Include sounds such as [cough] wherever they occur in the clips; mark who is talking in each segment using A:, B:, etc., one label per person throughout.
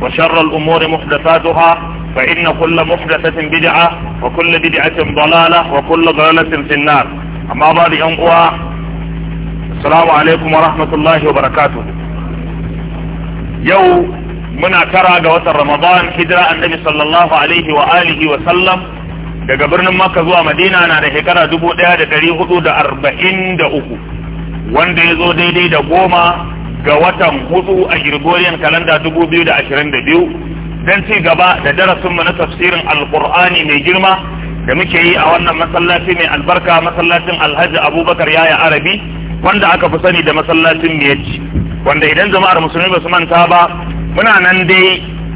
A: وشر الأمور محدثاتها فإن كل محدثة بدعة وكل بدعة ضلالة وكل ضلالة في النار أما بعد أنقوى السلام عليكم ورحمة الله وبركاته يو منا ترى قوات رمضان هجرة النبي صلى الله عليه وآله وسلم daga birnin Makka zuwa Madina na da shekara 1443 wanda ya zo daidai da goma ga watan hudu a Gregorian kalanda 2022 don ci gaba da darasinmu na tafsirin alkur'ani mai girma da muke yi a wannan masallaci mai albarka masallacin alhaji abubakar yaya arabi wanda aka fi sani da masallacin miyaci wanda idan jama'ar musulmi ba su manta ba muna nan dai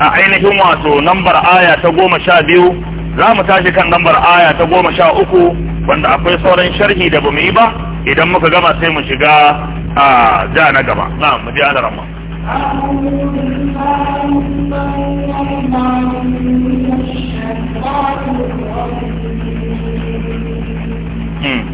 A: a ainihin wato lambar aya ta goma sha biyu za mu tashi kan lambar aya ta goma sha uku wanda akwai sauran sharhi da bamu yi ba idan muka gama sai mu shiga a ah, ja na gaba na mu ji ana
B: Hmm.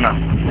B: نعم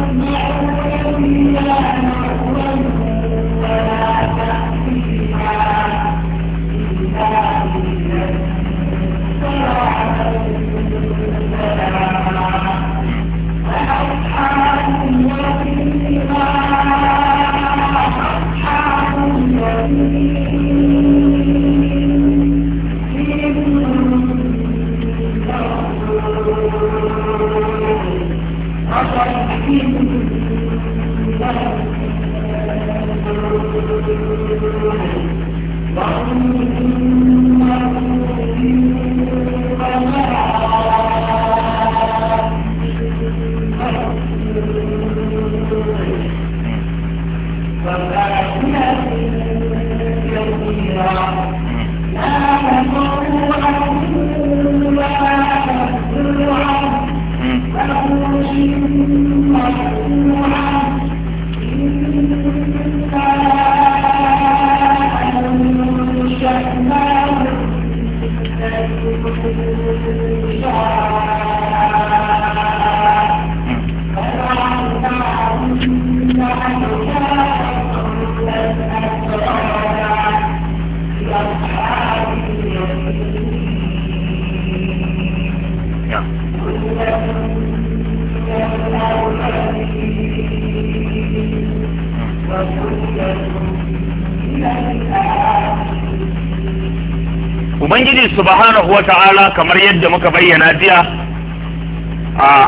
A: kamar yadda muka bayyana jiya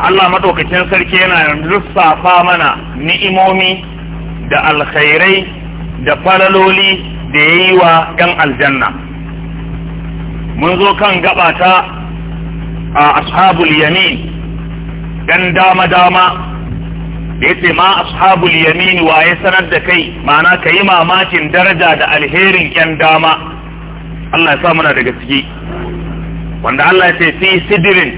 A: Allah maɗaukacin sarki yana lissafa mana ni'imomi da alkhairai da falaloli da ya yi wa ‘yan aljanna mun zo kan gabata a ashabul yamin ‘yan dama-dama da ya ce ma ashabul yamin wa ya sanar da kai ma'ana ka yi mamakin daraja da alherin ‘yan dama Allah ya sa muna daga ciki wanda Allah ya ce fi sidirin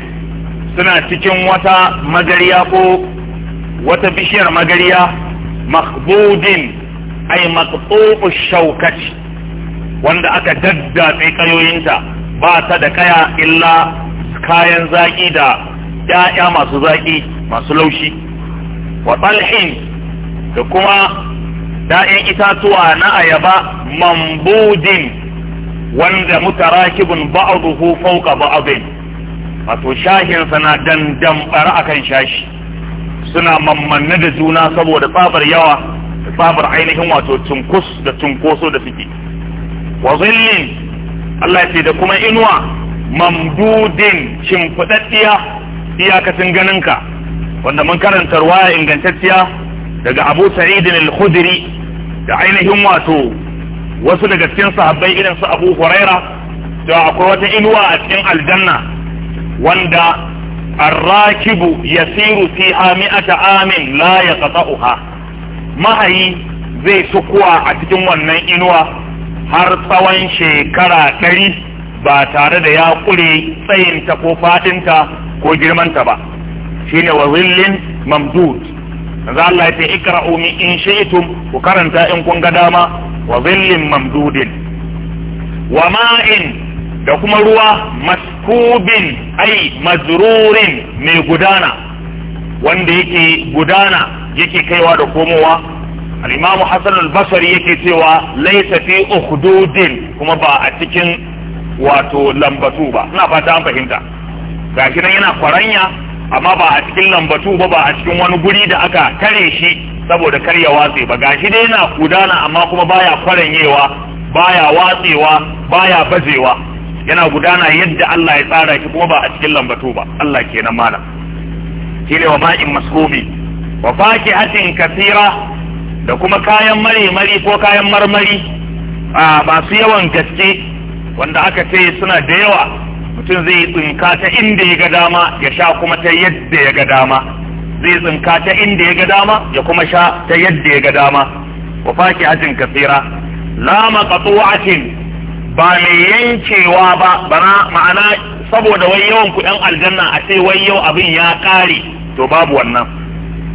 A: suna cikin wata magariya ko wata bishiyar magariya makbudin ay maqtu'u shaukati wanda aka daddatse kayoyinta ba ta da kaya illa kayan zaki da ya'ya masu zaki masu laushi wa talhin da kuma da'in itatuwa na ayaba mambudin wanda mutarakibun ba'dahu fawqa ba'din wato shahin sana dandan a akan shashi suna mammanne da juna saboda tsabar yawa da tsabar ainihin wato cunkus da cunkoso da suke wa zillin Allah ya ce da kuma inuwa mamdudin shimfiɗaɗɗiya iyakacin ganinka wanda mun karanta ruwaya ingantacciya daga Abu Sa'id al-Khudri da ainihin wato wasu daga cikin sahabbai irin su Abu Huraira cewa akwai wata inuwa a cikin aljanna wanda arrakibu yasiru fiha mi'ata amin la yaqta'uha mahayi zai sukuwa a cikin wannan inuwa har tsawon shekara ɗari ba tare da ya kure tsayinta ko faɗinta ko girmanta ba shine wa zillin mamdud manzo Allah yace ikra'u min in shi'tum ku karanta in kun ga dama wa dhillin mamdudin wa ma'in da kuma ruwa maskubin ai mazrurin mai gudana wanda yake gudana yake kaiwa da komowa al-imamu hasan al-basri yake cewa laysa fi ukhdudin kuma ba a cikin wato lambatu ba ina fata an fahimta gashi nan yana kwaranya amma ba a cikin lambatu ba ba a cikin wani guri da aka kare shi saboda kar ya watse ba gashi dai yana gudana amma kuma baya kwaranyewa baya watsewa baya bazewa yana gudana yadda Allah ya tsara shi kuma ba a cikin lambatu ba Allah kenan malam shine wa ma'in masrumi wa fakihatin kathira da kuma kayan marmari ko kayan marmari a masu yawan gaske wanda aka ce suna da yawa mutum zai tsinka ta inda ya ga dama ya sha kuma ta yadda ya ga dama zai tsinka ta inda ya ga dama ya kuma sha ta yadda ya ga dama wa faki ajin kasira la maqtu'atin ba mai yankewa ba bana ma'ana saboda wai yawan ku ɗan aljanna a ce wai yau abin ya ƙare to babu wannan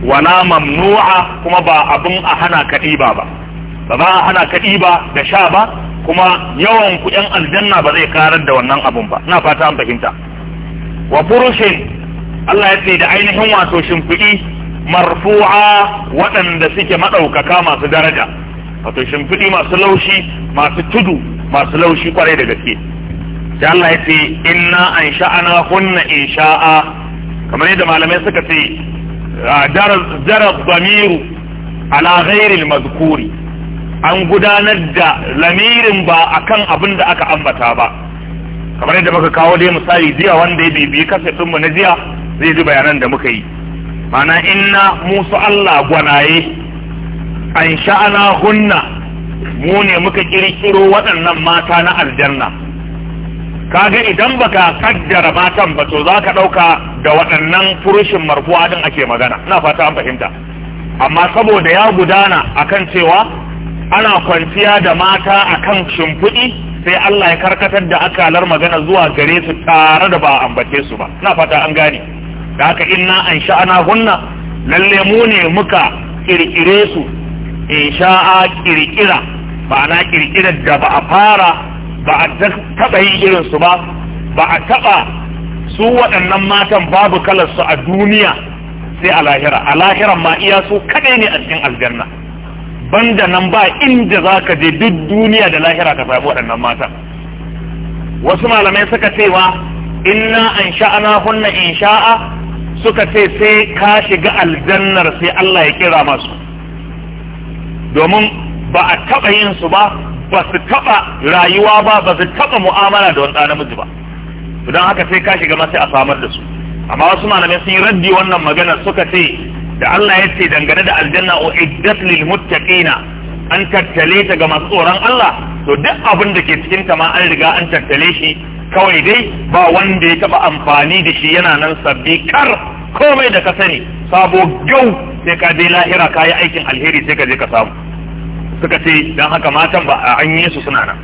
A: wala mamnu'a kuma ba abin a hana kaɗiba ba ba ba a hana kaɗiba da sha ba kuma yawan kuɗin yan aljanna ba zai karar da wannan abun ba ina fata an fahimta wa furushin Allah ya ce da ainihin wato shimfiɗi marfu'a waɗanda suke maɗaukaka masu daraja wato shimfiɗi masu laushi masu tudu masu laushi kwarai da gaske sai Allah ya ce inna an sha'ana kunna in sha'a kamar yadda malamai suka ce darar damiru ala ghairil mazkuri an gudanar da lamirin ba a kan abin da aka ambata ba kamar yadda muka kawo dai misali jiya wanda ya bibiyi kasafin mu na jiya zai ji bayanan da muka yi mana inna musu Allah gwanaye an sha'ana hunna mu ne muka kirkiro waɗannan mata na aljanna kaga idan baka kaddara matan ba to za ka ɗauka da waɗannan furushin marfuwa din ake magana ina fata an fahimta amma saboda ya gudana akan cewa ana kwanciya da mata a kan shimfiɗi sai Allah ya karkatar da akalar magana zuwa gare su tare da ba a ambace su ba na fata an gane da haka inna an sha'ana hunna lalle mu ne muka kirkire su in sha'a kirkira na kirkirar da ba a fara ba a taɓa yin irin su ba ba a taɓa su waɗannan matan babu kalar su a duniya sai a lahira a lahiran ma iya su kaɗai ne a cikin aljanna banda nan ba inda za ka je duk duniya da lahira ka samu waɗannan mata wasu malamai suka cewa inna an sha'ana hunna in sha'a suka ce sai ka shiga aljannar sai Allah ya kira masu domin ba a taɓa yin su ba ba su taɓa rayuwa ba ba su taɓa mu'amala da wani namiji ba don haka sai ka shiga masu a samar da su amma wasu malamai sun yi raddi wannan magana suka ce da Allah ya ce dangane da aljanna o iddat lil muttaqina an tattale ta ga masu tsoron Allah to duk abin da ke cikin ta ma an riga an tattale shi kawai dai ba wanda ya taba amfani da shi yana nan sabbi kar komai da ka sani sabo gau sai ka je lahira ka yi aikin alheri sai ka je ka samu suka ce dan haka matan ba an yi su suna nan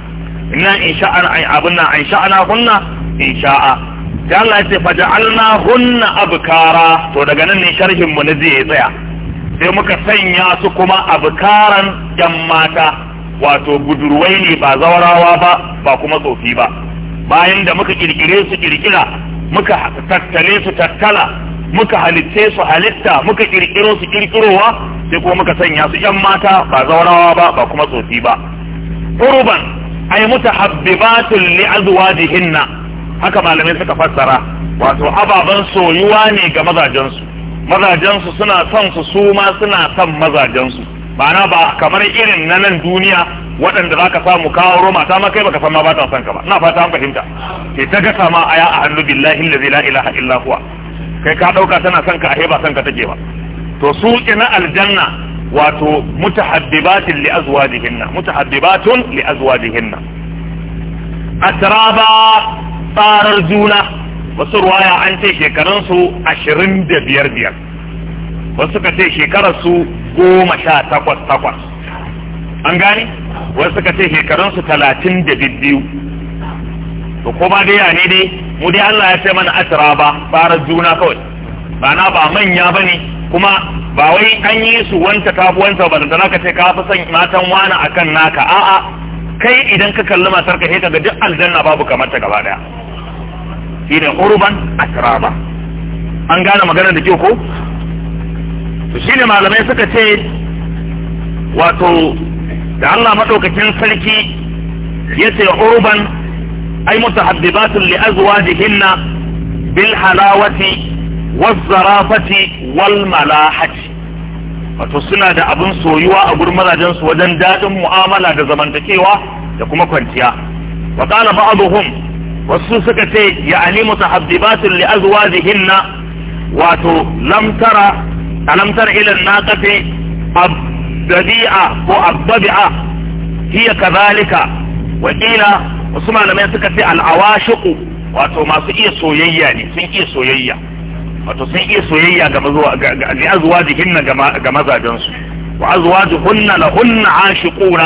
A: ina insha'a ai abin nan insha'a na kunna insha'a. ya Allah ce faja'alna hunna abkara to daga nan ne sharhin mu na zai tsaya sai muka sanya su kuma abkaran yan mata wato budurwai ne ba zawarawa ba ba kuma tsofi ba bayan da muka kirkire su kirkira muka tattale su tattala muka halitte su halitta muka kirkiro su kirkirowa sai kuma muka sanya su yan mata ba zawarawa ba ba kuma tsofi ba kurban ay mutahabbibatun li azwajihinna haka malamai suka fassara wato ababen soyuwa ne ga mazajensu mazajensu suna son su su ma suna son mazajensu ma'ana ba kamar irin na nan duniya waɗanda za ka samu kawo roma ta ma kai baka san ma ba ta son ka ba ina fata an fahimta ke ta gasa ma aya a hannu billahi allazi la ilaha illa huwa kai ka ɗauka tana son ka ahe ba son ka take ba to su na aljanna wato mutahaddibatin li azwajihinna mutahaddibatun li azwajihinna atraba farar juna wasu ruwaya an ce shekarunsu ashirin da biyar biyar wasu ka ce shekararsu goma sha takwas takwas an gane wasu ka ce shekarunsu talatin da biyu to kuma ba ya ne dai mu dai Allah ya ce mana asira ba farar juna kawai ba na ba manya ba ne kuma ba wai an yi su wanta kafu wanta ba da naka ce ka fi son matan wani akan naka a'a kai idan ka kalli matar ka sai ka ga duk aljanna babu kamar ta gaba daya shi urban asraba an gane maganar da kyau ko to shine malamai suka ce wato da Allah madaukakin sarki ya ce urban ay mutahabbibatun li azwajihinna bil halawati waz zarafati wal malahati wato suna da abin soyuwa a gurin mazajen su wajen dadin mu'amala da zamantakewa da kuma kwanciya wa qala ba'dhum وسوسكتي يعني متحببات لأزواجهن واتو لم ترى لم ترى إلى الناقة أبدئة وأببعة هي كذلك وإلى وسمع لم يتكتي العواشق واتو ما سئي سويا يعني سئي سويا واتو سئي سويا لأزواجهن جمزا جنس وأزواجهن لهن عاشقون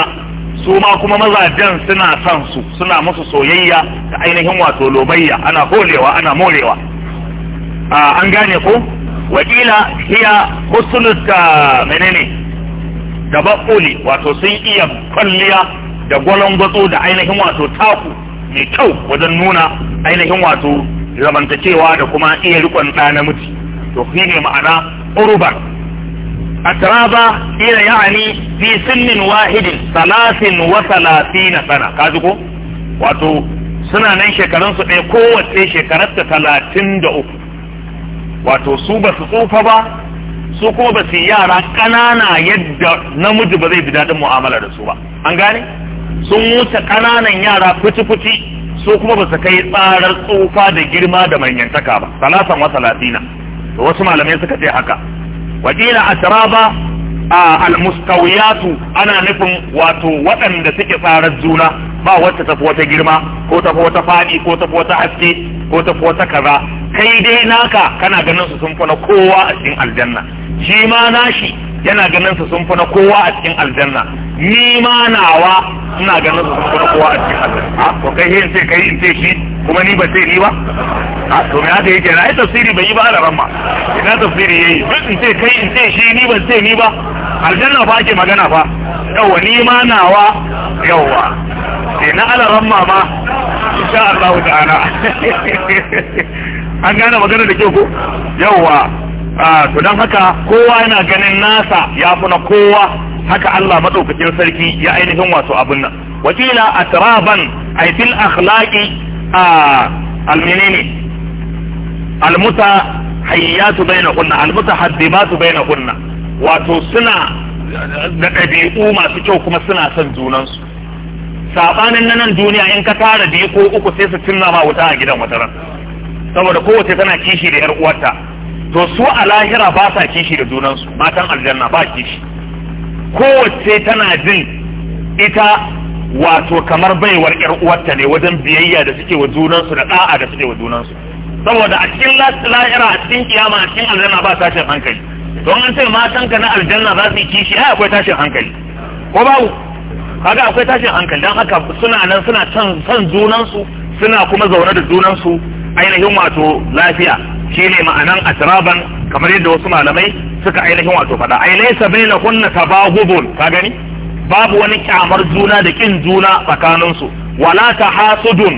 A: su ma kuma mazajen suna son su suna musu soyayya da ainihin wato lobayya ana holewa ana morewa an gane ko wakila hiya husnul ta menene da bakuli wato sun iya kwalliya da gwatsu da ainihin wato taku mai kyau wajen nuna ainihin wato zamantakewa da kuma iya rikon ɗa namiji to shine ma'ana uruban atraba ila ya'ani fi sinnin wahidin salasin wa salasina sana kaji ko wato suna nan shekarun su ɗaya kowace shekarar ta talatin da uku wato su ba su tsufa ba su kuma ba su yara ƙanana yadda namiji ba zai bi daɗin mu'amala da su ba an gane sun wuce ƙananan yara fuci-fuci su kuma ba su kai tsarar tsufa da girma da manyantaka ba salasan wa da wasu malamai suka ce haka wakila asraba almustawiyatu ana nufin wato waɗanda suke tsarar juna ba wacce tafi wata girma ko tafi wata faɗi ko tafi wata haske ko tafi wata kaza kai dai naka kana ganin su sun fana kowa a cikin aljanna shi ma nashi yana ganin su sun fi na kowa a cikin aljanna ni ma nawa ina ganin su sun fi na kowa a cikin aljanna a kai in sai kai in sai shi kuma ni ba sai ni ba a to me haka yake na ai tafsiri bai yi ba alaran ma ina tafsiri yayi in sai kai in sai shi ni ba sai ni ba aljanna fa ake magana fa yawa ni ma nawa yawa sai na alaran ma ma insha Allah ta'ala [laughs] an gane magana da kyau ko yawa Ah, to don haka kowa yana ganin nasa ya fi na kowa haka Allah madaukakin sarki ya ainihin wato abin nan wakila atraban ay fil akhlaqi ah, almenene almuta hayyatu bainahunna almutahaddimatu kunna. wato suna da ɗabi'u masu kyau kuma suna son junansu sabanin na nan duniya in ka tara biyu ko uku sai su cinna ma wuta a gidan wata ran saboda kowace tana kishi da yar uwarta to su a lahira ba sa kishi da junansu matan aljanna ba kishi kowace tana jin ita wato kamar baiwar yar uwarta ne wajen biyayya da suke wa junansu da da'a da suke wa junansu saboda a cikin lahira a cikin kiyama a cikin aljanna ba tashin hankali don an ce matan ka na aljanna za su yi kishi ai akwai tashin hankali ko babu kaga akwai tashin hankali don haka suna nan suna son junansu suna kuma zaune da junansu ainihin wato lafiya shine ma'anan asraban kamar yadda wasu malamai suka ainihin wato faɗa ai laysa bainahunna tabaghubun ka gani babu wani kyamar juna da kin juna tsakanin su wala tahasudun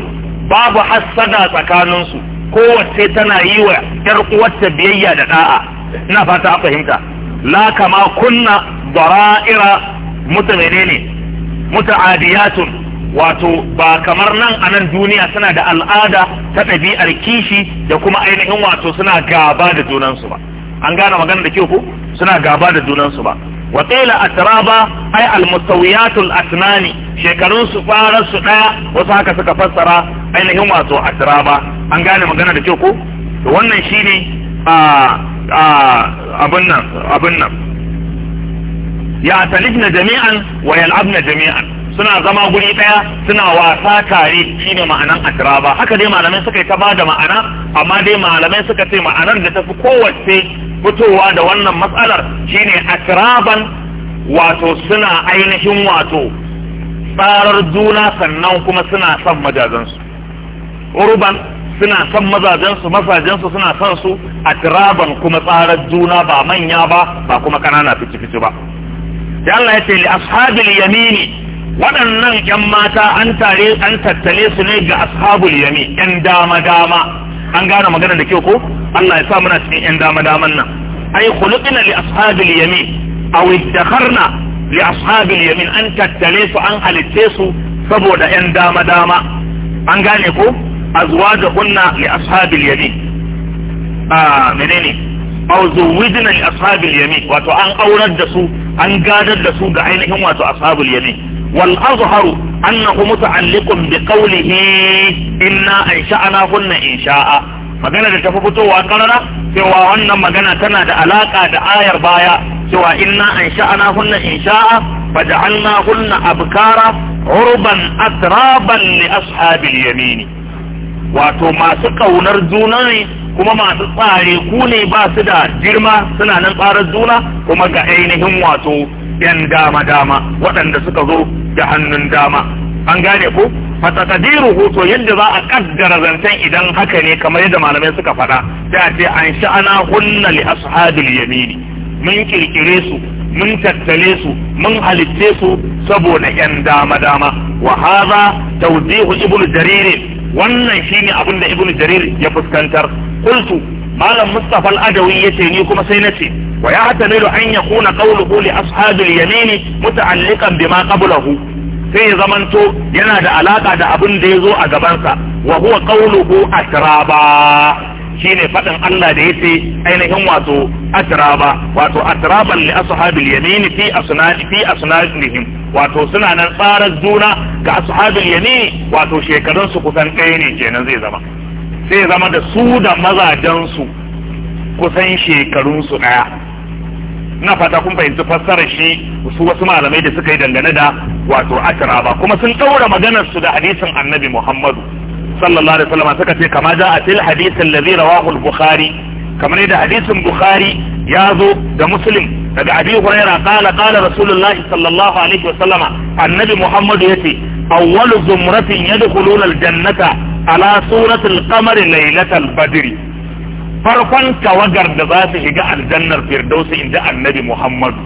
A: babu hasada tsakanin su kowace tana yi wa yar uwarta biyayya da da'a ina fata a fahimta la kama kunna dara'ira mutamene ne muta'adiyatun wato ba kamar nan a nan duniya suna da al'ada ta ɗabi'ar kishi da kuma ainihin wato suna gaba da junansu ba an gane magana da kyau ko suna gaba da junansu ba wa qila atraba ay al mustawiyatul asnani shekarun su fara su ɗaya, wasu haka suka fassara ainihin wato atraba an gane magana da kyau ko to wannan shine a a abun nan abun nan ya talibna jami'an wa yal'abna jami'an suna zama guri daya suna wasa tare shine ma'anan atraba haka dai malamai suka yi ta da ma'ana amma dai malamai suka ce ma'anar da tafi kowace fitowa da wannan matsalar shine atraban wato suna ainihin wato tsarar juna sannan kuma suna son majazansu urban suna son mazajensu mazajensu suna son su atiraban kuma tsarar juna ba manya ba ba kuma kanana fici fici ba da Allah ya ce li ashabil yamini waɗannan yan mata an tare an tattale su ne ga ashabul yami yan dama dama an gane magana da kyau ko Allah ya sa muna cikin yan dama daman nan ai khuluqina li ashabil yamin aw idakharna li ashabil yamin an tattale su an halitte su saboda yan dama dama an gane ko a zuwa da azwajuhunna li ashabil yamin a ah, menene aw zuwijna li ashabil yamin wato an aurar da su an gadar da su ga ainihin wato ashabul yamin wal azharu annahu muta'alliqun bi qawlihi inna ansha'ana kunna insha'a magana da tafi fitowa karara cewa wannan magana tana da alaka da ayar baya cewa inna ansha'ana kunna insha'a faj'alna kunna abkara urban atraban li ashabil yamin wato masu kaunar juna ne kuma masu tsare ku ne ba su da girma suna nan tsarar juna kuma ga ainihin wato yan dama-dama waɗanda suka zo da hannun dama an gane ko fatakadiru hoto yadda za a kaddara zancen idan haka ne kamar yadda malamai suka faɗa sai a ce an sha'ana hunna li ashabil yamini mun kirkire su mun tattale su mun halitte su saboda yan dama dama wa hadha tawdihu ibnu jarir wannan shine abin da ibnu jarir ya fuskantar qultu malam mustapha al-adawi yace ni kuma sai nace wa ya hatamilu an yakuna qawluhu li ashabil yamini muta'alliqan bima qablahu sai ya zamanto yana da alaka da abin da ya zo a gabansa wa huwa qawluhu atraba shine fadin Allah da yace ainihin wato atraba wato atraban li ashabil yamini fi asnadi fi asnadihim wato suna nan tsarar juna ga ashabil yamini wato shekarun su kusan ɗaya ne kenan zai zama sai zama da su da mazajensu kusan shekarunsu ɗaya na fata kun fahimci fassarar shi su wasu malamai da suka yi dangane da wato atiraba kuma sun ɗaura maganar su da hadisin annabi muhammadu sallallahu alaihi wasallam suka ce kama ja a fil hadisin ladhi rawahu al-bukhari kamar yadda hadisin bukhari ya zo da muslim daga abi hurairah qala qala rasulullahi sallallahu alaihi wasallam annabi muhammadu yace awwalu zumratin yadkhuluna al-jannata ala suratul qamari lailatal badri farkon kawagar da za su shiga aljannar firdausi inda annabi muhammadu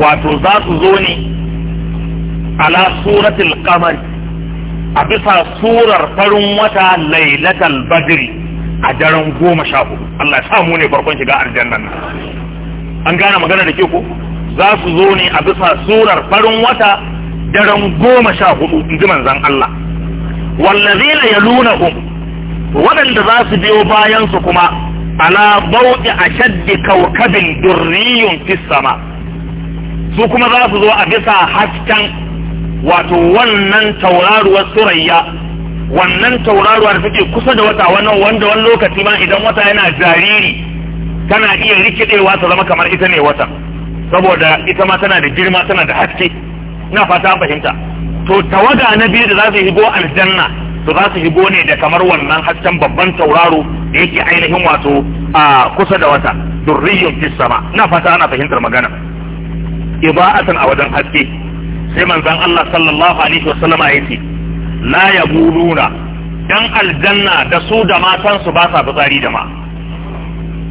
A: wato za su zo ne ala suratul qamari a bisa surar farin wata lailatal badri a daren goma sha hudu Allah ya samu ne farkon shiga aljannar nan an gane magana da ke ko za su zo ne a bisa surar farin wata daren goma sha hudu in ji manzan Allah wallazina yalunahum waɗanda za su biyo bayan su kuma ala bauɗi a shaddi kaukabin durriyun fisama su kuma za su zo a bisa hasken wato wannan tauraruwar surayya wannan tauraruwar take kusa da wata wannan wanda wani lokaci ma idan wata yana jariri tana iya rikidewa ta zama kamar ita ne wata saboda ita ma tana da girma tana da haske ina fata fahimta to tawaga na biyu da za su hibo aljanna to za su hibo ne da kamar wannan hasken babban tauraro da yake ainihin wato a kusa da wata durriyun fis sama na fata ana fahimtar magana iba'atan a wajen haske sai manzon Allah sallallahu alaihi wasallam ya ce la yabuluna dan aljanna da su da matan su ba sa fitsari da ma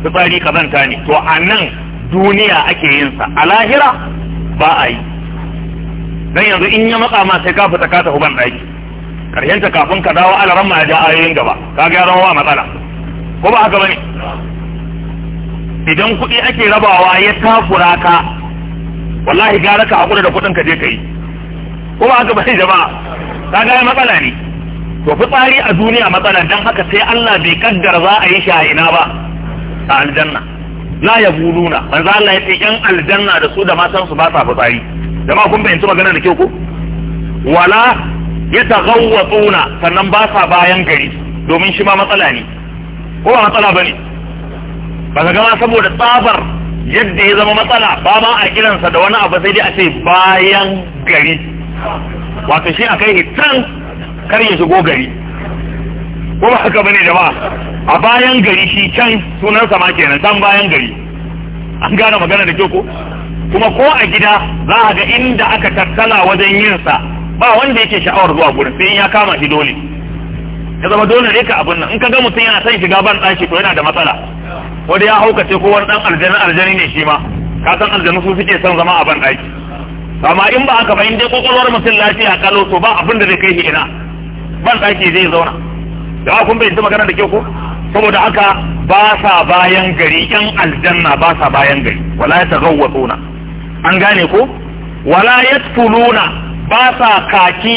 A: fitsari kazanta ne to a nan duniya ake yin sa a lahira ba a yi dan yanzu in ya matsa ma sai ka fita ka tafi ban daki karshen ta kafin ka dawo alaran ma ya ja ayoyin gaba ka ga yaran wa matsala ko ba haka bane idan kuɗi ake rabawa ya takura ka wallahi gara ka hakura da kuɗin ka je kai yi ko ba haka bane jama'a ka ga matsala ne to fitsari a duniya matsala dan haka sai Allah bai kaddara za a yi shi ba a aljanna la yabuluna manzo Allah ya ce yan aljanna da su da matan su ba sa fitsari jama'a kun bayyanci magana da kyau ko wala ya tsuna sannan ba sa bayan gari domin shi ma matsala ne ko ba matsala bane ba ka gama saboda tsabar yadda ya zama matsala ba ma a kiransa da wani abu sai dai a ce bayan gari wato shi a kai can kar ya shigo gari ko ba haka bane jama'a a bayan gari shi can sunan sama kenan dan bayan gari an gane magana da kyau ko kuma ko a gida za a ga inda aka tattala wajen yinsa ba wanda yake sha'awar zuwa gurin sai ya kama shi dole ya zama dole ne ka abin nan in ka ga mutum yana son shiga ban ɗaki to yana da matsala wanda ya haukace ko wani ɗan aljani aljani ne shi ma ka san aljanu su suke son zama a ban ɗaki amma in ba haka ba in dai kwakwalwar mutum lafiya kalo to ba abin da zai kai shi ina ban ɗaki zai zauna da kun bai magana da ke ko saboda haka ba sa bayan gari yan aljanna ba sa bayan gari wala ya tsona an gane ko wala yatfuluna ba sa kaki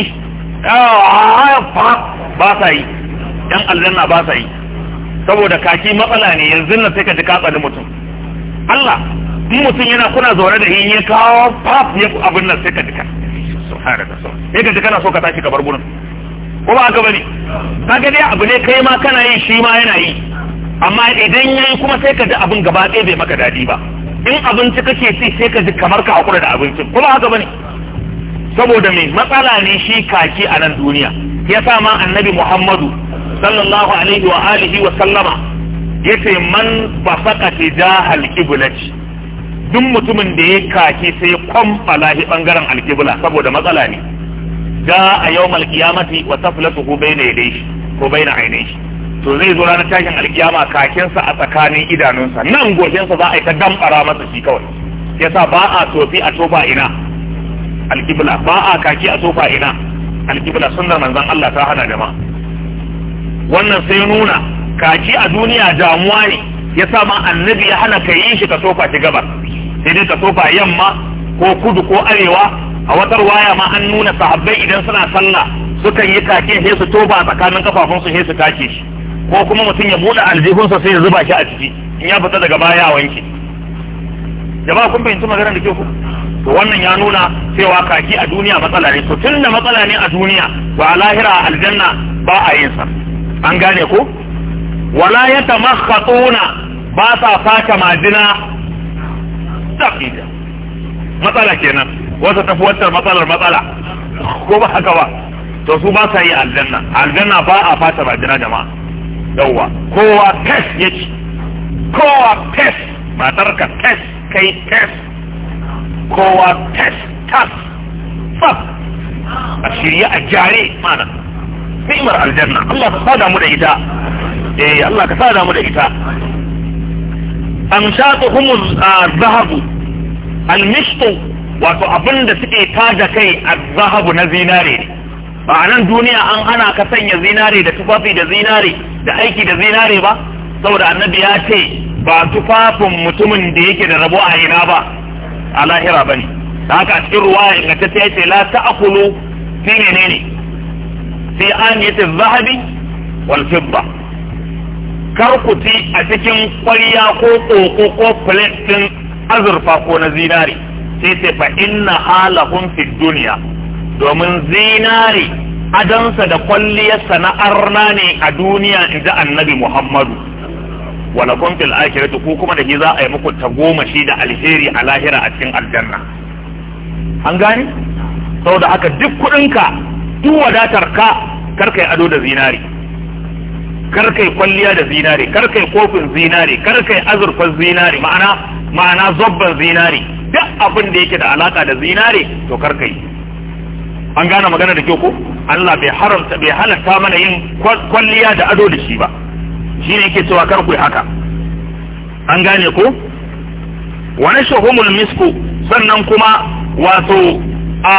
A: ah, ba sa yi ɗan aljanna ba sa yi saboda kaki matsala ne yanzu na sai ka ji katsa da mutum Allah in mutum yana kuna zaune da yin ya kawo pap ya abin nan sai ka jika
B: sai
A: ka jika na so ka tashi ka bar gurin ko ba ka bane ga dai abu ne kai ma kana yi shi ma yana yi amma idan yayi kuma sai ka ji abin gaba ɗaya bai maka dadi ba in abinci kake ci sai ka ji kamar ka hakura da abincin kuma haka bane saboda me matsala ne shi kaki a nan duniya ya sa ma annabi muhammadu sallallahu alaihi wa alihi wa sallama ya ce man ba saka jahal kiblati duk mutumin da ya kaki sai ya kwamfala shi bangaren alkibla saboda matsala ne ja a yawmal qiyamati wa ko bai na ko bayna ainihi to zai zo ranar tashin alkiyama kakinsa a tsakanin idanunsa nan goshinsa za a yi ta damfara masa shi kawai sa ba a tofi a tofa ina alkibla ba a kaki a tofa ina alkibla zama zan Allah ta hana jama'a wannan sai nuna kaki a duniya damuwa ne ya sa ma annabi ya hana ka yi shi ka tofa shi gabar sai dai ka tofa yamma ko kudu ko arewa a watar waya ma an nuna sahabbai idan suna sallah sukan yi kake sai su toba tsakanin kafafunsu sai su take shi ko kuma mutum ya buɗe aljihunsa sai ya zuba shi a ciki in ya fita daga baya a wanke jama'a kun fahimci maganar da ke ku to wannan ya nuna cewa kaki a duniya matsala ne to tun da matsala ne a duniya to a lahira a aljanna ba a yin sa an gane ko wala ya tamakhatuna ba sa fata majina tafida matsala kenan wata tafi wata matsalar matsala ko ba haka ba to su ba sa yi aljanna aljanna ba a fata majina jama'a yawa kowa test yake kowa test matar ka test kai test kowa test tas fas a shirya a jare mana ni'imar aljanna Allah ka sada mu da ita eh Allah ka sada mu da ita amshatuhum az-zahabu al-mishtu wato abinda suke taja kai az-zahabu na zinare ne a nan duniya an hana ka sanya zinare da tufafi da zinare da aiki da zinare ba saboda annabi ya ce ba tufafin mutumin da yake da rabo a ina ba a lahira ba ne da haka a cikin ruwa ingantacce ta ce la akulu fi menene sai an yace zahabi wal fibba kar ku ci a cikin ƙwarya ko koko ko plate din azurfa ko na zinare sai ce fa inna halahum fi duniya domin zinari adansa da kwalliyarsa na arna ne a duniya in ji annabi muhammadu wala kun fil ko kuma da shi za a yi muku shi da alheri a lahira a cikin aljanna an gane saboda haka duk kuɗinka duk wadatar ka karka yi ado da zinari karka yi kwalliya da zinari karka yi kofin zinari karka yi azurfan zinari ma'ana ma'ana zobban zinari duk abin da yake da alaka da zinari to karka yi an gane magana da kyau ko Allah bai haramta bai halatta mana yin kwalliya da ado da shi ba shi ne yake cewa kar ku yi haka an gane ko wa nashhumul misku sannan kuma wato a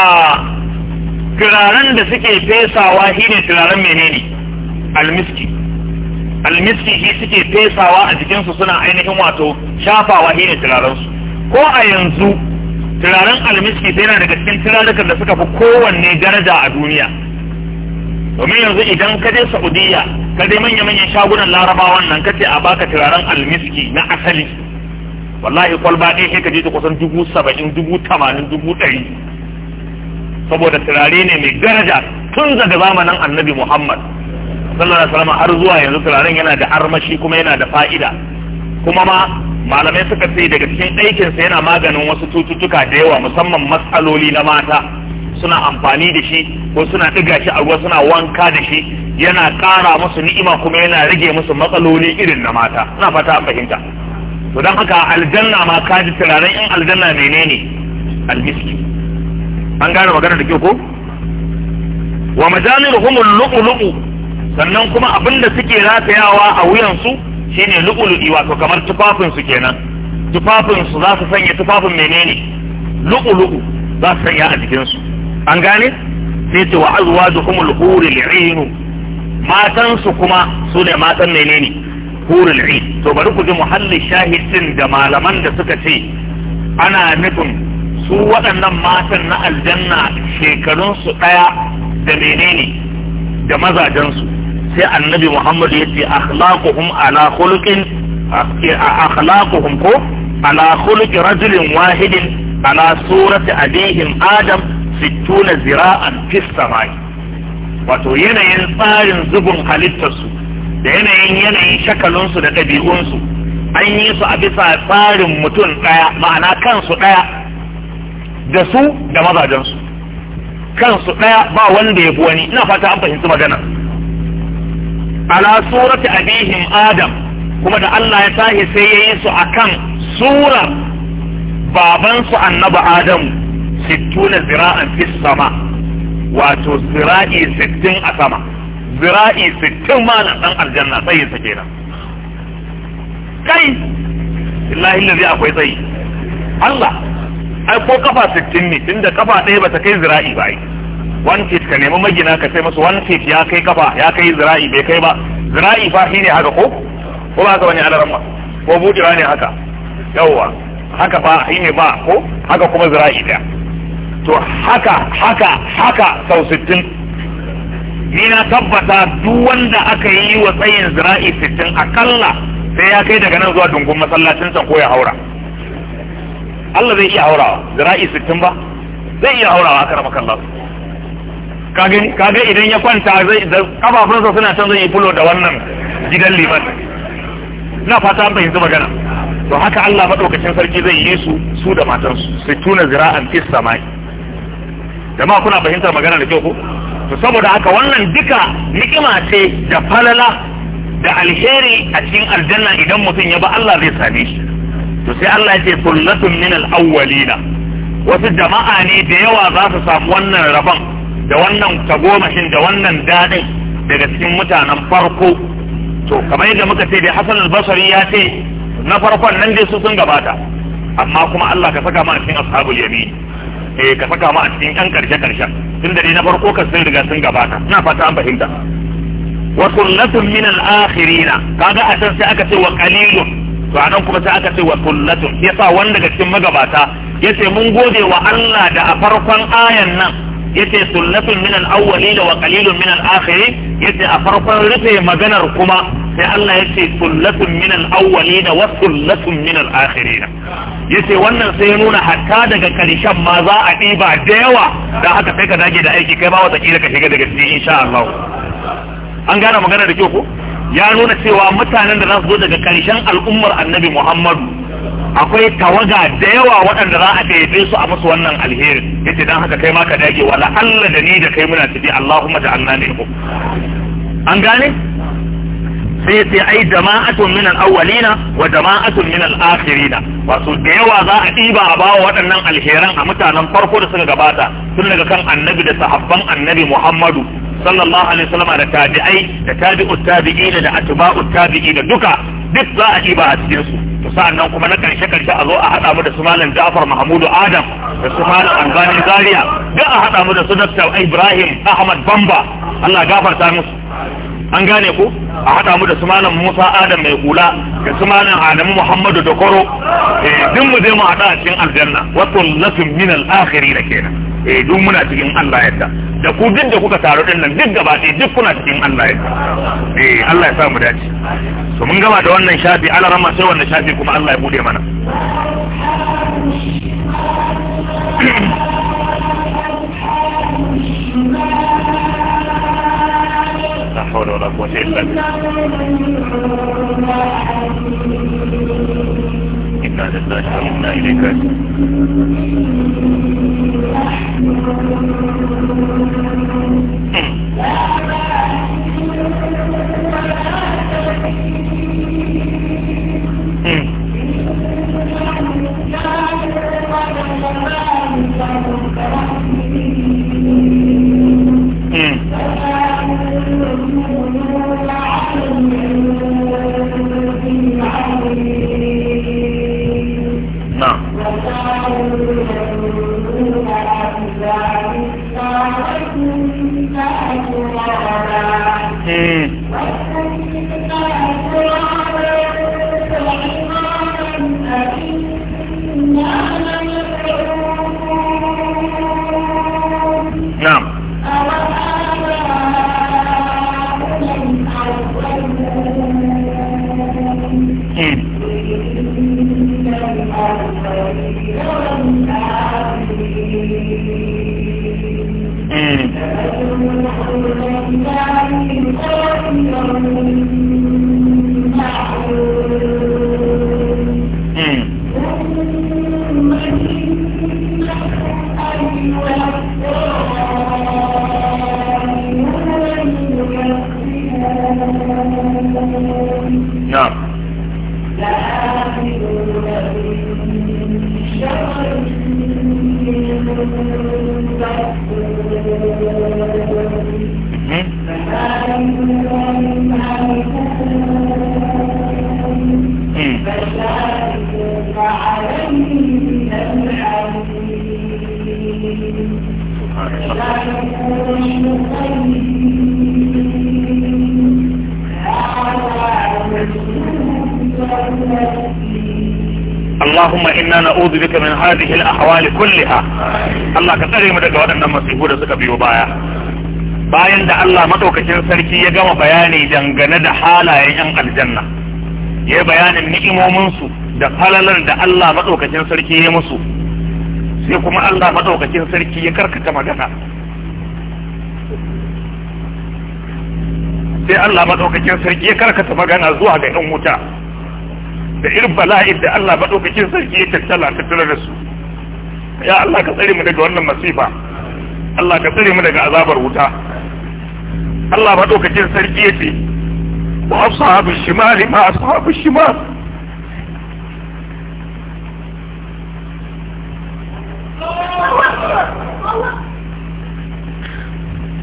A: turaren da suke fesawa shine turaren menene almiski almiski shi suke fesawa a jikinsu suna ainihin wato shafawa shine turaren su ko a yanzu turaren almiski sai na daga cikin turarukan da suka fi kowanne daraja a duniya domin yanzu idan ka je saudiya ka je manya-manyan shagunan larabawan nan ka ce a baka turaren almiski na asali wallahi kwalba ɗaya sai ka je ta kusan dubu saba'in dubu tamanin dubu ɗari saboda turare ne mai daraja tun zaga zamanin annabi muhammad sallallahu alaihi wasallam har zuwa yanzu turaren yana da armashi kuma yana da fa'ida kuma ma malamai suka ce daga cikin aikinsa yana maganin wasu cututtuka da yawa musamman matsaloli na mata suna amfani da shi ko suna ɗiga shi a ruwa suna wanka da shi yana ƙara musu ni'ima kuma yana rage musu matsaloli irin na mata ina fata an fahimta to don haka aljanna ma ka ji turaren in aljanna menene almiski an gane magana da kyau ko wa majalirhumul lu'lu'u sannan kuma abinda suke ratayawa a wuyansu shine lu'ulu'i wato kamar tufafinsu kenan tufafinsu za su sanya tufafin menene lu'ulu'u za su sanya a jikinsu an gane sai ce wa azwajuhum al-hurul 'ain matan kuma su ne matan menene hurul 'ain to bari ku ji muhalli shahidin da malaman da suka ce ana nufin su waɗannan matan na aljanna shekarunsu ɗaya da menene da mazajensu sai annabi muhammad ya ce akhlaquhum ala khuluqin akhlaquhum ko ala khuluqi rajulin wahidin ala surati abihim adam sittuna zira'an fi samai wato yanayin tsarin zubin halittarsu da yanayin yanayin shakalinsu da ɗabi'unsu an yi su a bisa tsarin mutum ɗaya ma'ana kansu ɗaya da su da mazajensu kansu ɗaya ba wanda ya fi wani ina fata an fahimci magana ala surati abihim adam kuma da Allah ya tahi sai ya yi su akan surar babansu annabi adam sittuna zira'an fi sama wato zira'i sittin a sama zira'i sittin ma na dan aljanna sai sa kenan kai illahi lazi akwai tsayi Allah ai ko kafa sittin ne tunda kafa ɗaya bata kai zira'i ba ai one feet ka nemi magina ka sai musu one feet ya kai kafa ya kai zira'i bai kai ba zira'i fa shi ne haka ko ko ba haka wani ba ko buɗewa ne haka yawwa haka fa shi ne ba ko haka kuma zira'i ɗaya to haka haka haka sau sittin ni na tabbata duk wanda aka yi wa tsayin zira'i sittin akalla sai ya kai daga nan zuwa dungun masallacin san ko ya haura Allah zai iya haurawa zira'i sittin ba zai iya haurawa aka rama kallon kaga idan ya kwanta zai da kafafunsa suna can zai fulo da wannan gidan liman na fata an fahimci magana to haka Allah madaukakin sarki zai yi su su da matansu su tuna zira'an fis samai jama'a kuna fahimtar magana da kyau ko to saboda haka wannan duka ni'ima ce da falala da alheri a cikin aljanna idan mutum ya ba Allah zai same shi to sai Allah ya ce kullatun min al-awwalina wasu jama'a ne da yawa za su samu wannan rabon da wannan tagomashin da wannan dadin daga cikin mutanen farko to kamar yadda muka ce da Hassan al-Basri ya ce na farkon nan dai su sun gabata amma kuma Allah ka saka mu a cikin ashabul yamin eh ka saka mu a cikin yan karshe karshe tun da ni na farko ka sun riga sun gabata ina fata an fahimta wa kullatun min al-akhirina kaga a can sai aka ce wa qalilun to anan kuma sai aka ce wa kullatun yasa wanda daga cikin magabata yace mun gode wa Allah da a farkon ayan nan yace sunnatun minan awwali da wa qalilun min akhiri yace a farkon rufe maganar kuma sai Allah yace sunnatun min awali da wa sunnatun min al yace wannan sai ya nuna hatta daga karshen ma za a diba da yawa dan haka sai ka dage da aiki kai ba wata kila ka shiga daga cikin insha Allah an gane magana da kyau ko ya nuna cewa mutanen da za su zo daga karshen al'ummar Annabi Muhammadu akwai tawaga da yawa waɗanda za a ɗebe su a musu wannan alherin yace dan haka kai ma ka dage wala Allah da ni da kai muna tafi Allahumma ja'alna ku an gane sai sai ai jama'atun min al-awwalina wa jama'atun min al-akhirina wato da yawa za a ɗiba a bawa waɗannan alheran a mutanen farko da suka gabata tun daga kan annabi da sahabban annabi Muhammadu sallallahu alaihi wasallam da tabi'ai da tabi'ut tabi'ina da atba'ut tabi'ina duka duk za a ɗiba a cikin su sa'annan kuma na karshe karshe a zo a haɗa mu da su malam Ja'far Mahmudu Adam da su malam Albani Zaria ga a haɗa mu da su Dr. Ibrahim Ahmad Bamba Allah gafarta musu an gane ku a haɗa mu da su malam Musa Adam mai hula da su malam Adamu Muhammadu Dokoro eh din mu zai mu hada a cikin aljanna wa tullatin min al-akhirin kenan eh duk muna cikin Allah yadda da ku duk da kuka taru din nan duk gaba ɗaya duk kuna cikin Allah ya eh Allah ya sa mu dace to mun gama da wannan shafi ala rama sai wannan shafi kuma Allah ya bude mana
B: la hawla wala quwwata illa Hmm. Hmm. Na'am.
A: من هذه الأحوال كلها الله كتري مدك ودن مسيحو da suka biyo baya bayan da Allah madaukakin sarki ya gama bayani dangane da halayen yan aljanna ya bayanin ni'imomin su da falalar da Allah madaukakin sarki ya musu sai kuma sarki ya karkata magana sai Allah madaukakin sarki ya karkata magana zuwa ga yan wuta da irin bala'in da Allah maɗaukakin sarki ya tattala tattala da su ya Allah ka tsare mu daga wannan masifa Allah ka tsare mu daga azabar wuta Allah maɗaukakin sarki ya ce wa ashabu shimali ma ashabu shimal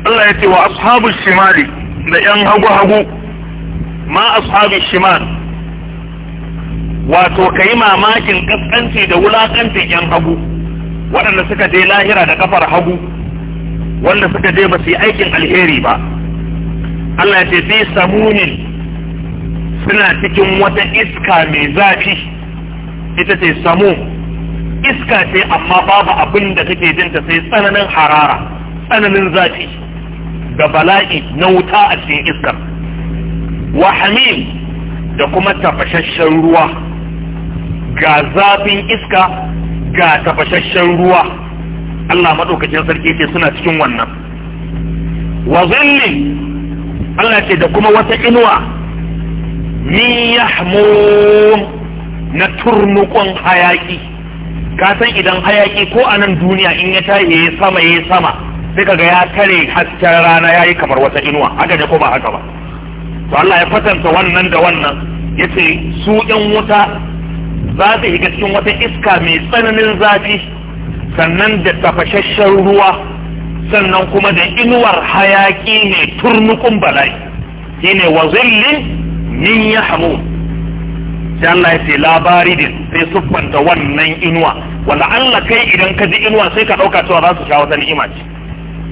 A: Allah ya ce wa ashabu shimali da ƴan hagu hagu ma ashabu shimal wato ka yi mamakin kaskanci da wulakanci yan hagu waɗanda suka je lahira da kafar hagu wanda suka je ba su yi aikin alheri ba Allah ya ce fi samunin suna cikin wata iska mai zafi ita ce samu iska ce amma babu abin da take jinta sai tsananin harara tsananin zafi da bala'i na wuta a cikin iskar wa hamim da kuma tafashasshen ruwa ga zafin iska ga tafashashen ruwa Allah maɗaukacin sarki ce suna cikin wannan wa zillin Allah ce da kuma wata inuwa ni na turnukon hayaki ka san idan hayaki ko a nan duniya in ya ta ya sama ya sama sai kaga ya tare hasken rana ya yi kamar wata inuwa haka ne ko ba haka ba to Allah ya fatanta wannan da wannan ya ce su ɗan wuta za ta shiga cikin wata iska mai tsananin zafi sannan da tafashashen ruwa sannan kuma da inuwar hayaki mai turnukun bala'i shine wa zillin min ya hamu sai Allah ya ce labari din sai siffanta wannan inuwa wanda Allah kai idan ka ji inuwa sai ka ɗauka cewa za su sha wata ni'ima ce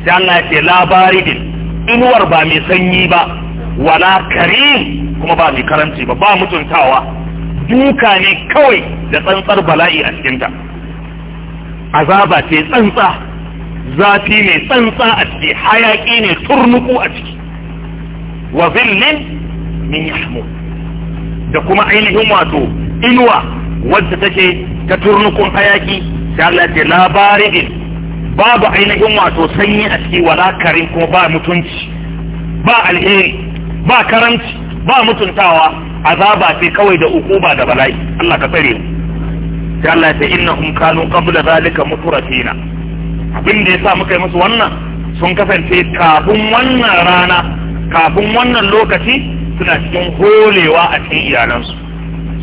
A: sai Allah ya ce labari din inuwar ba mai sanyi ba wala karim kuma ba mai karanci ba ba mutuntawa duka ne kawai da tsantsar bala'i a cikinta azaba ce tsantsa zafi ne tsantsa a ciki hayaki ne turnuku a ciki wa zillin min yahmu da kuma ainihin wato inuwa wadda take ta turnukun hayaki ta lati labarin babu ainihin wato sanyi a ciki wala karin kuma ba mutunci ba alheri ba karanci ba mutuntawa azaba ce kawai da ukuba da bala'i Allah ka tsare mu sai Allah ya ce innahum kanu qabla zalika mutratina abin da yasa muka yi musu wannan sun kasance kafin wannan rana kafin wannan lokaci suna cikin holewa a cikin iyalansu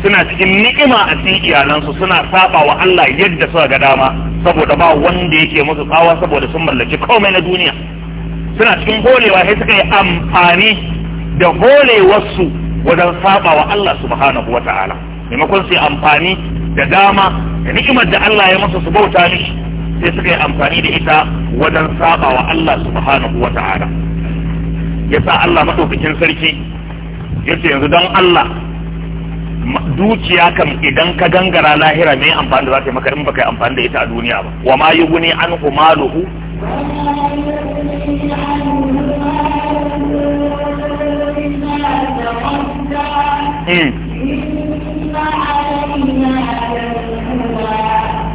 A: suna cikin ni'ima a cikin iyalansu suna saba wa Allah yadda suka ga dama saboda ba wanda yake musu tsawa saboda sun mallaki komai na duniya suna cikin holewa sai suka yi amfani da holewarsu wajen saba wa Allah subhanahu ta'ala, maimakon su amfani da dama da ni'imar da Allah ya masa su bauta mishi sai suka yi amfani da ita wajen saba wa Allah subhanahu wata'ala yasa Allah madaukakin sarki yace yanzu don Allah dukiya kam idan ka gangara lahira mai amfani da za ta maka in baka yi amfani da ita a duniya ba wa ma wuni an maluhu
B: إيه.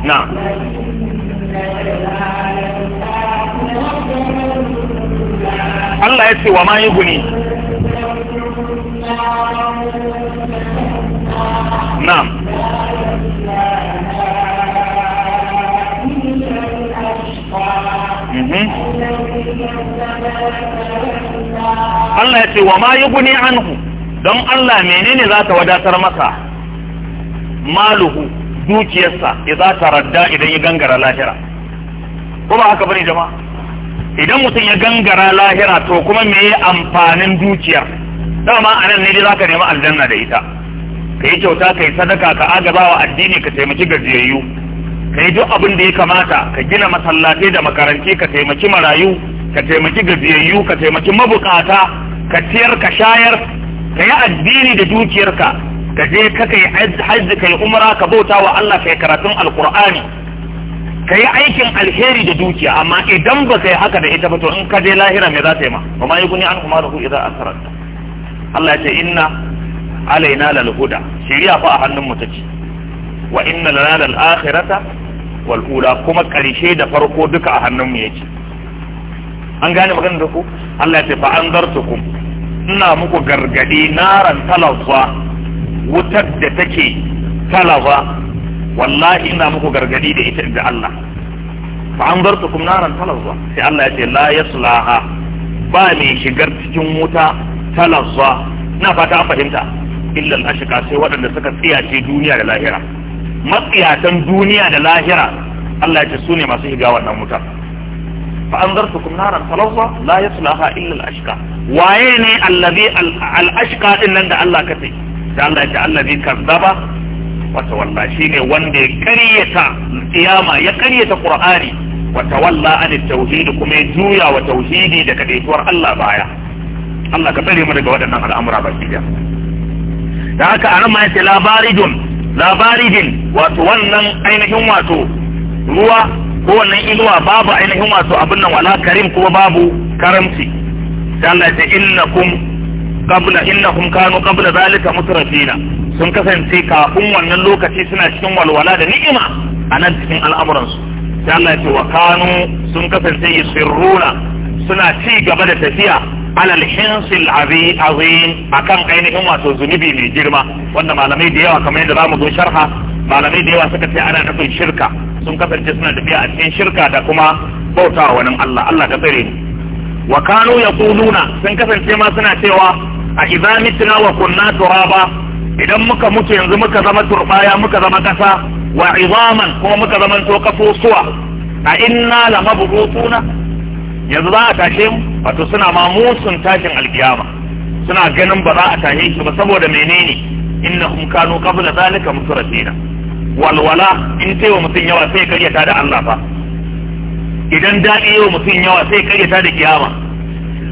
B: نعم
A: الله يسي وما يبني نعم الله يسي وما يبني عنه don Allah menene za ta wadatar masa maluhu dukiyarsa ta radda idan ya gangara lahira ko haka bane jama'a idan mutum ya gangara lahira to kuma me yi amfanin dukiyar dama anan ne dai zaka nemi aljanna da ita Ka yi kyauta ka yi sadaka ka wa addini ka taimaki gajiyayyu yi duk abin da ya kamata ka gina masallatai da makaranti ka taimaki marayu ka taimaki gajiyayyu ka taimaki mabukata ka tiyar, ka shayar ka yi addini da dukiyarka ka je ka kai hajji kai umra ka bauta wa Allah kai karatun alkur'ani ka yi aikin alheri da dukiya amma idan ba ka haka da ita ba to in ka je lahira me za ta yi ma ba ma yi guni an kuma da ku idan asarar Allah ya ce inna alaina lal huda shiriya fa a hannun mu take wa inna lana lal akhirata wal ula kuma karshe da farko duka a hannun mu yake an gane maganar da ku Allah ya ce fa an anzartukum ina muku gargadi naran talawa wutar da take talawa wallahi ina muku gargadi da ita da Allah fa an zartukum naran talawa sai Allah ya ce la yaslaha ba mai shigar cikin wuta talawa na fata an fahimta illa al sai waɗanda suka tsiyace duniya da lahira matsiyatan duniya da lahira Allah ya ce su ne masu shiga wannan wutar fa anzartukum naran talazza la yaslaha illa al-ashqa waye ne allazi al-ashqa din nan da Allah kace da Allah ya ce allazi kazzaba wa shine wanda ya karyata kiyama ya karyata qur'ani wa tawalla an tauhid kuma ya juya wa tauhidi da kadaituwar Allah baya Allah ka tsare mu daga waɗannan al'amura da da haka anan ma yace labaridun wato wannan ainihin wato ruwa ko wannan inuwa babu ainihin wato abin nan wala karim kuma babu karamci sai Allah ya ce innakum qabla innakum kanu qabla zalika mutrafina sun kasance kafin wannan lokaci suna cikin walwala da ni'ima a nan cikin al'amuransu sai Allah ce wa kanu sun kasance yusirruna suna ci gaba da tafiya alal hinsil azim akan ainihin wato zunubi mai girma wanda malamai da yawa kamar yadda zamu zo sharha malamai da yawa suka ce ana nufin shirka sun kasance suna tafiya a cikin shirka da kuma bautawa wani Allah Allah ka tsare wa kanu yaquluna sun kasance ma suna cewa a idza mitna wa kunna turaba idan muka mutu yanzu muka zama turbaya muka zama kasa wa izaman kuma muka zama to kasusuwa a inna la mabrutuna yanzu za a tashe mu wato suna ma musun tashin alkiyama suna ganin ba za a tashe shi ba saboda menene innahum kanu qabla zalika mutarafina walwala in sai wa mutum yawa sai karyata da Allah fa idan daɗi yawa mutum yawa sai karyata da kiyama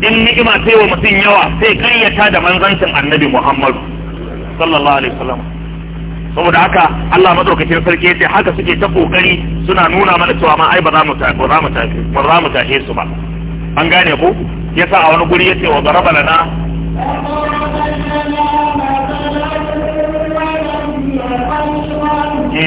A: in ni'ima sai wa mutum yawa sai karyata da manzancin annabi Muhammadu sallallahu alaihi wasallam saboda haka Allah madaukakin sarki yace haka suke ta kokari suna nuna mana cewa ma ai ba za mu ta ba za mu ta ba za mu ta su ba an gane ko yasa a wani guri yace wa daraba lana Allah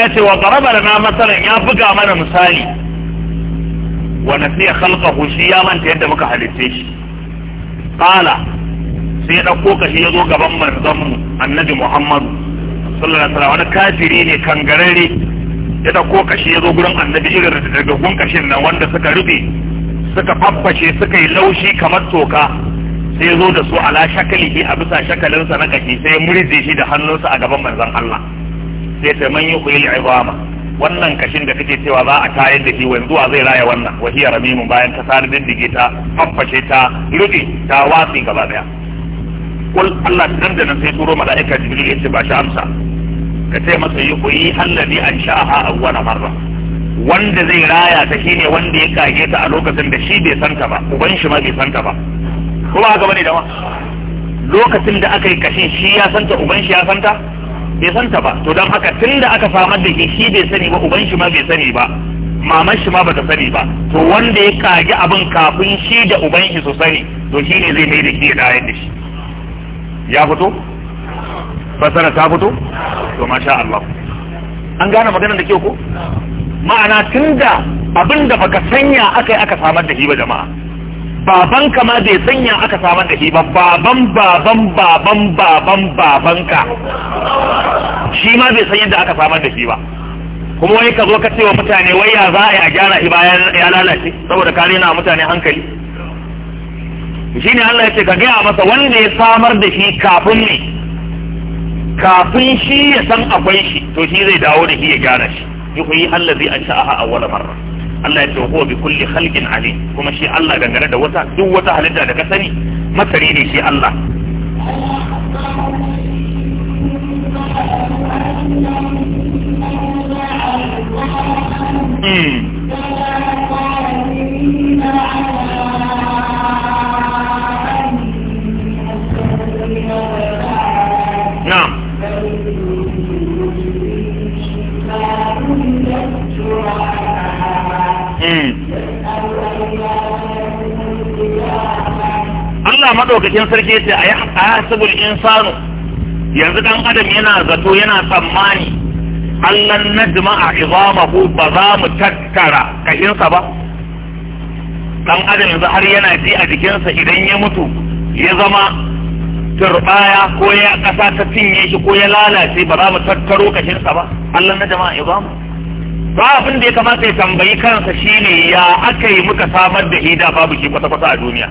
A: ya ce wa ƙaraba da na matsalan ya buga mana misali wa nasiya khalqahu shi ya manta yadda muka halitta shi qala sai ya ɗauko kashi ya zo gaban manzonmu annabi muhammadu sallallahu alaihi wani kafiri ne kangarare ya ɗauko kashi ya zo gurin annabi irin daga gun kashin nan wanda suka rufe suka faffashe suka yi laushi kamar toka sai zo da su ala shakalihi a bisa shakalinsa na kashi sai murje shi da hannunsa a gaban manzan Allah sai ta man yi kuyil ibama wannan kashin da kake cewa za a tayar da shi wanzu a zai raya wannan wahiyar ramimun bayan ta sar diddige ta faffashe ta rufe ta watsi gaba daya kul Allah dan da nan sai turo mala'ika jibril yace ba shi amsa ka ce masa yi koyi allazi ansha'aha awwala marra wanda zai raya ta shine wanda ya kage ta a lokacin da shi bai santa ba uban shi ma bai santa ba kuma ga bane da ma lokacin da aka yi kashin shi ya santa uban shi ya santa bai santa ba to don haka tun da aka samar da shi shi bai sani ba uban shi ma bai sani ba maman shi ma bata sani ba to wanda ya kage abin kafin shi da uban shi su sani to shine zai mai da shi ya da shi ya fito fasara ta fito to masha Allah an gane maganar da ke ko ma'ana tunda abinda baka sanya aka yi aka samar da shi ba jama'a baban ka ma bai sanya aka samar da shi ba baban baban baban baban baban ka shi ma bai san yadda aka samar da shi ba kuma wai ka zo ka ce wa mutane wai ya za a yi a gyara shi bayan ya lalace saboda ka na mutane hankali shine Allah ya ce ka gaya masa wanda ya samar da shi kafin ne kafin shi ya san akwai shi to shi zai dawo da shi ya gyara shi yuhyi allazi ansha'aha awwala marra Allah ya ce huwa bi kulli khalqin alim kuma shi Allah dangane da wata duk wata halitta da ka sani masari ne shi Allah Mm. Allah madaukakin sarki ce a yahsabul insanu yanzu dan adam yana zato yana tsammani allan najma'a ko ba za mu tattara kashinsa ba dan adam yanzu har yana ji a jikinsa idan ya mutu ya zama turbaya ko ya kasa ta cinye shi ko ya lalace ba za mu tattaro kashinsa ba allan jima'a idamahu ba abin da ya kamata ya tambayi kansa shine ya aka muka samar da hida babu shi kwata-kwata a duniya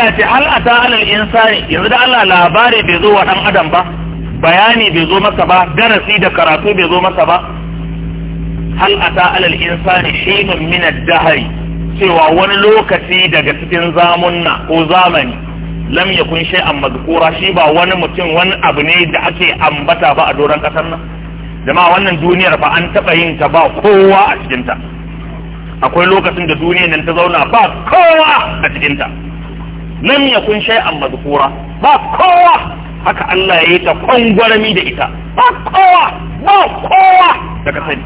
A: Allah ce hal insani yanzu da Allah labari bai zo wa dan adam ba bayani bai zo masa ba darasi da karatu bai zo masa ba hal ata alal insani shi min ad-dahri cewa wani lokaci daga cikin zamunna ko zamani lam yakun a madukura shi ba wani mutum wani abu ne da ake ambata ba a doron kasar nan jama'a wannan duniyar ba an taba yin ta ba kowa a cikinta akwai lokacin da duniyar nan ta zauna ba kowa a cikinta. lam yakun shay'an madhkura ba kowa haka Allah ya yi ta kwangwarami da ita
B: ba kowa ba kowa
A: daga sani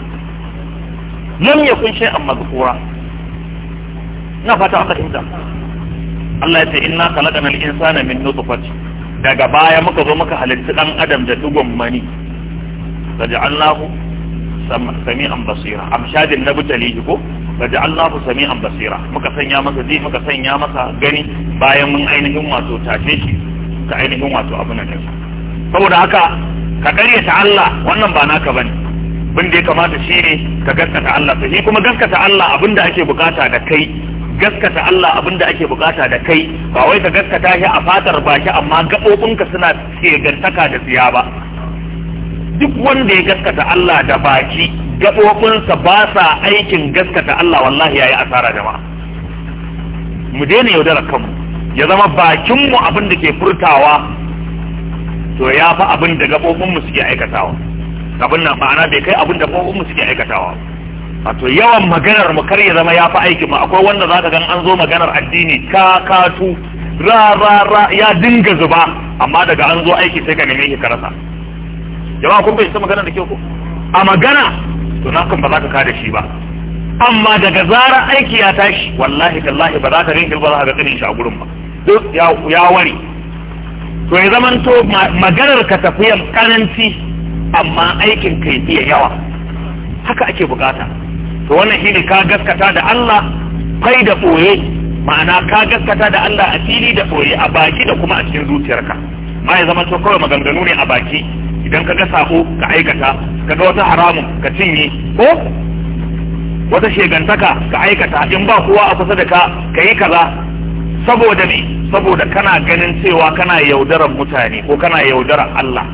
A: lam yakun shay'an madhkura na fata aka fahimta Allah ya ce inna khalaqana al-insana min nutfati daga baya muka zo muka halitta dan adam da dugon mani faj'alnahu sami'an basira amshadin nabtalihi ko ku sami an basira muka sanya masa ji muka sanya masa gani bayan mun ainihin wato tashe shi ka ainihin wato abu na nan saboda haka ka ta Allah wannan ba naka bane bin da ya kamata shi ne ka gaskata Allah sai kuma gaskata Allah abinda ake bukata da kai gaskata Allah abinda ake bukata da kai ba wai ka gaskata shi a fatar baki amma gaɓoɓinka suna ke gantaka da siya ba duk wanda ya gaskata Allah da baki gaɓoɓinsa ba sa aikin gaskata Allah wallahi ya yi asara jama'a mu daina yaudarar kanmu ya zama bakinmu abin da ke furtawa to ya fi abin da gaɓoɓinmu suke aikatawa abin na ma'ana bai kai abin da gaɓoɓinmu suke aikatawa A to yawan maganar mu kar ya zama ya fi aikin mu akwai wanda zaka gan an zo maganar addini ka katu ra ra ra ya dinga zuba amma daga an zo aiki sai ka neme shi ka rasa jama'a kun bai sa maganar da ke ku a magana to ba za ka kada shi ba amma daga zara aiki ya tashi wallahi tallahi ba za ka rinke ba za ka tsinin shi a gurin ba duk ya ware to ya zaman to maganar ka tafiyar karanci amma aikin kai iya yawa haka ake bukata to wannan shine ka gaskata da Allah kai da boye ma'ana ka gaskata da Allah a fili da boye a baki da kuma a cikin zuciyarka ma ya zaman to kawai maganganu ne a baki idan ka ga sako ka aikata ka ga wata haramun ka cinye ko wata shegantaka ka aikata in ba kowa a kusa da ka ka yi kaza saboda me saboda kana ganin cewa kana yaudarar mutane ko kana yaudarar Allah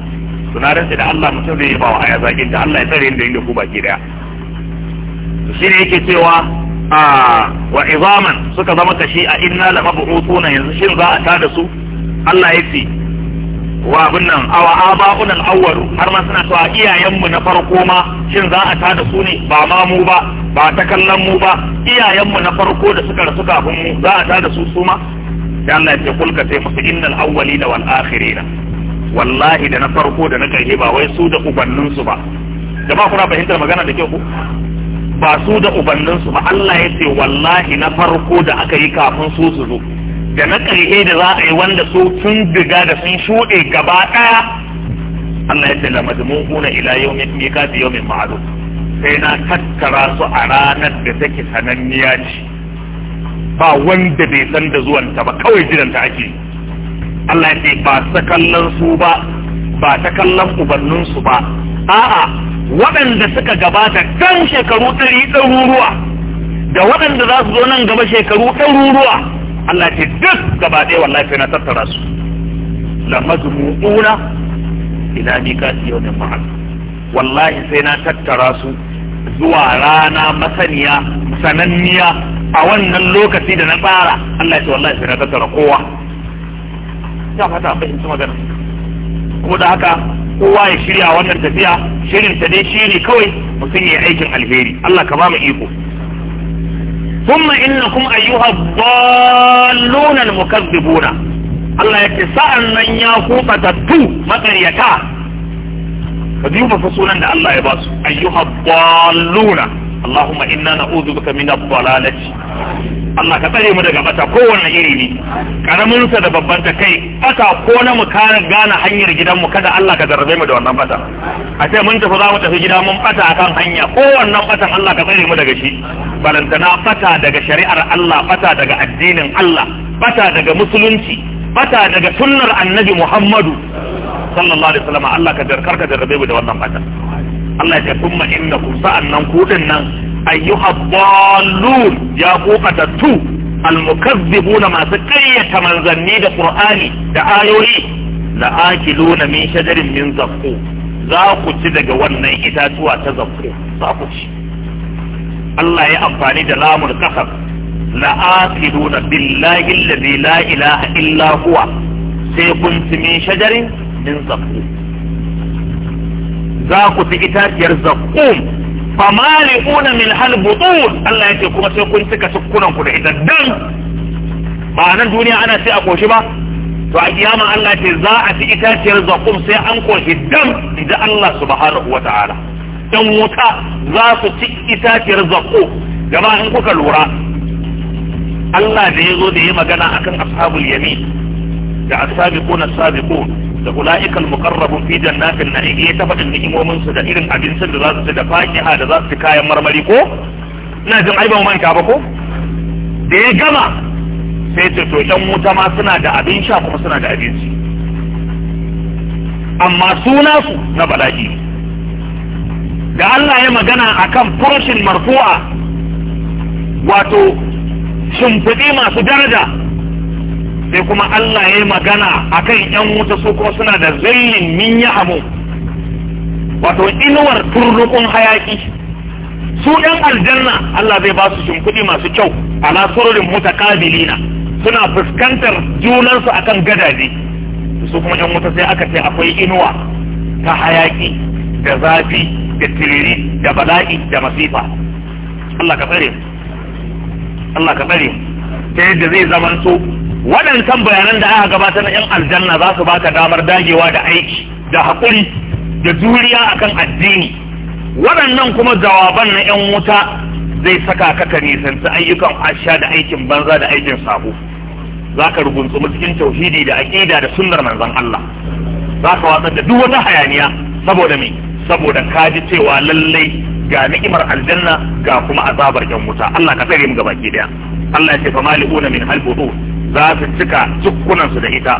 A: sunarin da Allah mutum zai yi ba wa aya zakin da Allah ya tsare da inda ku baki daya to shine yake cewa wa izaman suka zama kashi a inna la mab'utuna yanzu shin za a tada su Allah ya ce wa abin nan awa aba'un al-awwal har ma suna cewa iyayenmu na farko ma shin za a tada su ne ba ma mu ba ba ta kallon mu ba iyayenmu na farko da suka rasu kafin mu za a tada su su ma da Allah ya kulka sai musu innal awwalina wal akhirina wallahi da na farko da na karshe ba wai su da ubannin su ba jama'a kuna fahimtar magana da kyau ku ba su da ubannin su ba Allah ya ce wallahi na farko da aka yi kafin su su zo da na ƙarhe da za a yi wanda su sun diga da sun shuɗe gaba ɗaya Allah ya ce da la majmu'una ila yawmin miqati yawmin ma'lum sai na tattara su a ranar da take sananniya ce ba wanda bai san da zuwanta ba kawai jiranta ake Allah ya ce ba ta kallon su ba ba ta kallon ubannin su ba a'a waɗanda suka gabata kan shekaru ɗari ɗaruruwa da waɗanda za su zo nan gaba shekaru ɗaruruwa Allah ce duk gaba ɗaya wallahi sai na tattara su la mazmu'una ila miqati yawmin ma'ad wallahi sai na tattara su zuwa rana masaniya sananniya a wannan lokaci da na tsara Allah ya ce wallahi sai na tattara kowa ya fata fahimci magana kuma da haka kowa ya shirya wannan tafiya shirin ta dai shiri kawai mutum ya aikin alheri Allah ka ba mu iko thumma innakum ayyuha dallun almukaththibun Allah yace sa'an nan ya ku fatattu makaryata ka duba fa sunan da Allah ya ba su ayyuha dalluna Allahumma inna na'udhu bika min ad-dalalati Allah ka tsare mu daga bata kowanne iri ne karamin sa da babban ta kai bata ko na mu kare gane hanyar gidan mu kada Allah ka zarrabe mu da wannan bata a ce mun tafi za mu tafi gida mun bata akan hanya kowannen bata. Allah ka tsare mu daga shi balantana bata daga shari'ar Allah bata daga addinin Allah bata daga musulunci bata daga sunnar annabi Muhammadu sallallahu alaihi wasallam Allah ka jarkar ka jarrabe mu da wannan bata Allah ya kuma inda ku sa'annan nan din nan ayyuha dallun ya ku katattu na masu kayyata manzanni da qur'ani da ayoyi la akiluna min shajarin min zakku za ku ci daga wannan itatuwa ta zakku za ku ci Allah ya amfani da lamun kasab la akiluna billahi la ilaha illa huwa sai kun ci min shajarin min zakku za ku ci itaciyar zakum una min halbutun Allah ya ce kuma sai kun cika sukunan ku da ita dan ba nan duniya ana sai a koshi ba to a kiyama Allah ce za a ci itaciyar zakum sai an koshi dan idan Allah subhanahu wata'ala dan wuta za ku ci itaciyar zakum gaba in kuka lura Allah da ya zo da ya magana akan ashabul yamin da asabiquna asabiqun da ula'ikan muqarrabun fi jannatin na'im ya eh, ta faɗin ni'imomin su da irin abincin da za su ci da fakiha da za su ci kayan marmari ko ina jin ai ba manta ba ko da ya gama sai ce to ɗan wuta ma suna da abin sha kuma suna da abinci amma suna su na bala'i da Allah ya magana akan furshin marfu'a wato shimfiɗi masu daraja sai kuma Allah ya yi magana kan yan wuta su kuma suna da zallin min ya amu wato inuwar turnukun hayaki su yan aljanna Allah zai ba su shimfiɗi masu kyau ala sururin mutakabilina suna fuskantar junansu akan gadaje su kuma yan wuta sai aka ce akwai inuwa ta hayaki da zafi da tiriri da bala'i da masifa Allah ka tsare Allah ka tsare ta yadda zai zamanto waɗancan bayanan da aka gabatar na 'yan aljanna za su baka damar dagewa da aiki da haƙuri da juriya akan addini waɗannan kuma jawaban na 'yan wuta zai saka ka ka nisanci ayyukan asha da aikin banza da aikin sabo za ka rubuntsu cikin tauhidi da aƙida da sunnar manzon Allah za ka watsar da duk wata hayaniya saboda me saboda ka ji cewa lallai ga ni'imar aljanna ga kuma azabar yan wuta Allah ka tsare mu gaba ki daya Allah ya ce fa mali'una min halbutu za su cika jukkunansu da ita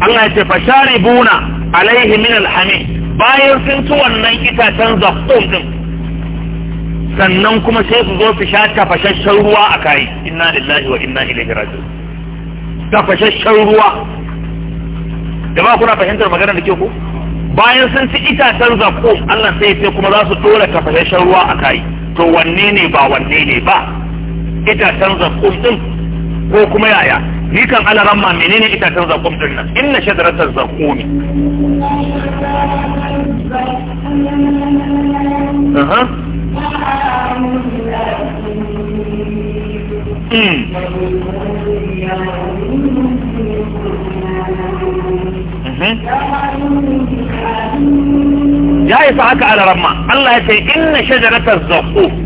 A: Allah ya ce fasharibuna alaihi min alhamim bayan sun ci wannan itacen zaqqum ɗin, sannan kuma sai su zo su sha tafashashen ruwa a kai inna lillahi wa inna ilaihi raji'un tafashashen ruwa da ba kuna fahimtar magana da ke ku bayan sun ci itacen zaqqum Allah sai ya ce kuma za su dole tafashashen ruwa a kai to wanne ne ba wanne ne ba itacen zaqqum ɗin ko kuma yaya ni kan alaran ma menene itacen zakum din nan inna shadratal zakum
B: aha mm
A: ya isa haka alaran ma Allah ya ce inna shadratal zakum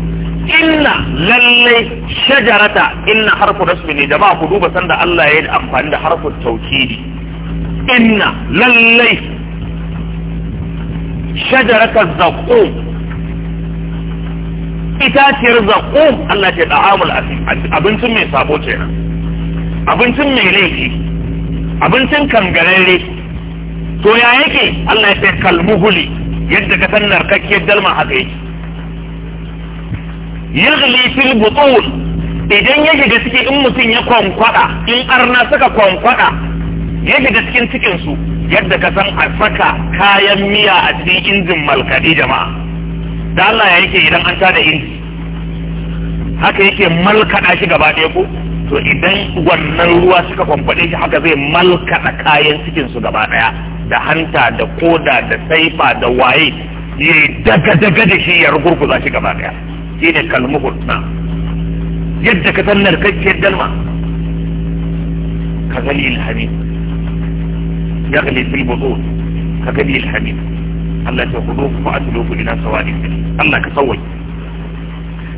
A: inna lallai shajarata inna harfu nasbi ne jama'a ku duba sanda Allah ya yi amfani da harfu tawkidi inna lallai shajarata zaqum itaciyar zaƙo. Allah ce da'amul asim abincin mai sabo ce kenan abincin mai laifi abincin kangararre to ya yake Allah ya ce kalmuhuli yadda ka san narkakkiyar dalma haka yake yaghli fil butun idan ya shiga cikin in mutum ya kwankwada in arna suka kwankwada ya shiga cikin cikin su yadda ka san a saka kayan miya a cikin injin malkaɗe jama'a da Allah ya yake idan an tada inji haka yake malkaɗa shi gaba ɗaya ko to idan wannan ruwa suka kwankwaɗe shi haka zai malkaɗa kayan cikin su gaba ɗaya da hanta da koda da saifa da waye ya daga daga da shi ya rugurguza shi gaba ɗaya shine kalmuhur na yadda ka san narkakkiyar dalma ka gani ilhamid ya gani fil butun ka gani ilhamid Allah ta hudu fa atluku ila sawadi Allah ka sawai